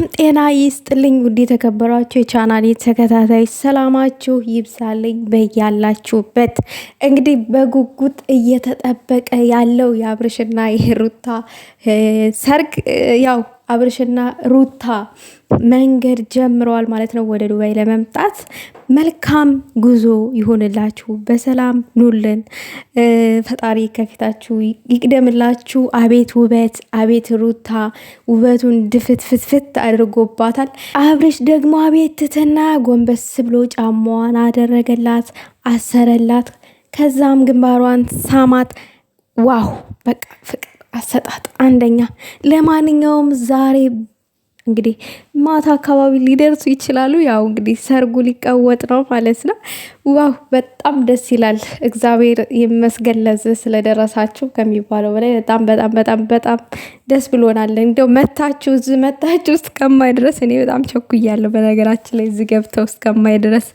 ሰላም ጤና ይስጥልኝ። ውድ የተከበራችሁ የቻናሌ ተከታታዮች ሰላማችሁ ይብዛልኝ በያላችሁበት። እንግዲህ በጉጉት እየተጠበቀ ያለው የአብርሽና የሩታ ሰርግ ያው አብርሽና ሩታ መንገድ ጀምረዋል ማለት ነው ወደ ዱባይ ለመምጣት። መልካም ጉዞ ይሆንላችሁ። በሰላም ኑልን። ፈጣሪ ከፊታችሁ ይቅደምላችሁ። አቤት ውበት፣ አቤት ሩታ ውበቱን ድፍትፍትፍት አድርጎባታል። አብርሽ ደግሞ አቤት ትትና ጎንበስ ብሎ ጫማዋን አደረገላት፣ አሰረላት። ከዛም ግንባሯን ሳማት። ዋው በቃ ፍቅር አሰጣጥ አንደኛ። ለማንኛውም ዛሬ እንግዲህ ማታ አካባቢ ሊደርሱ ይችላሉ። ያው እንግዲህ ሰርጉ ሊቀወጥ ነው ማለት ነው። ዋው በጣም ደስ ይላል። እግዚአብሔር ይመስገን ለዚህ ስለደረሳችሁ ከሚባለው በላይ በጣም በጣም በጣም በጣም ደስ ብሎናል። እንደው መታችሁ እዚህ መታችሁ እስከማይ ድረስ እኔ በጣም ቸኩያለሁ። በነገራችን ላይ እዚህ ገብተው እስከማይ ድረስ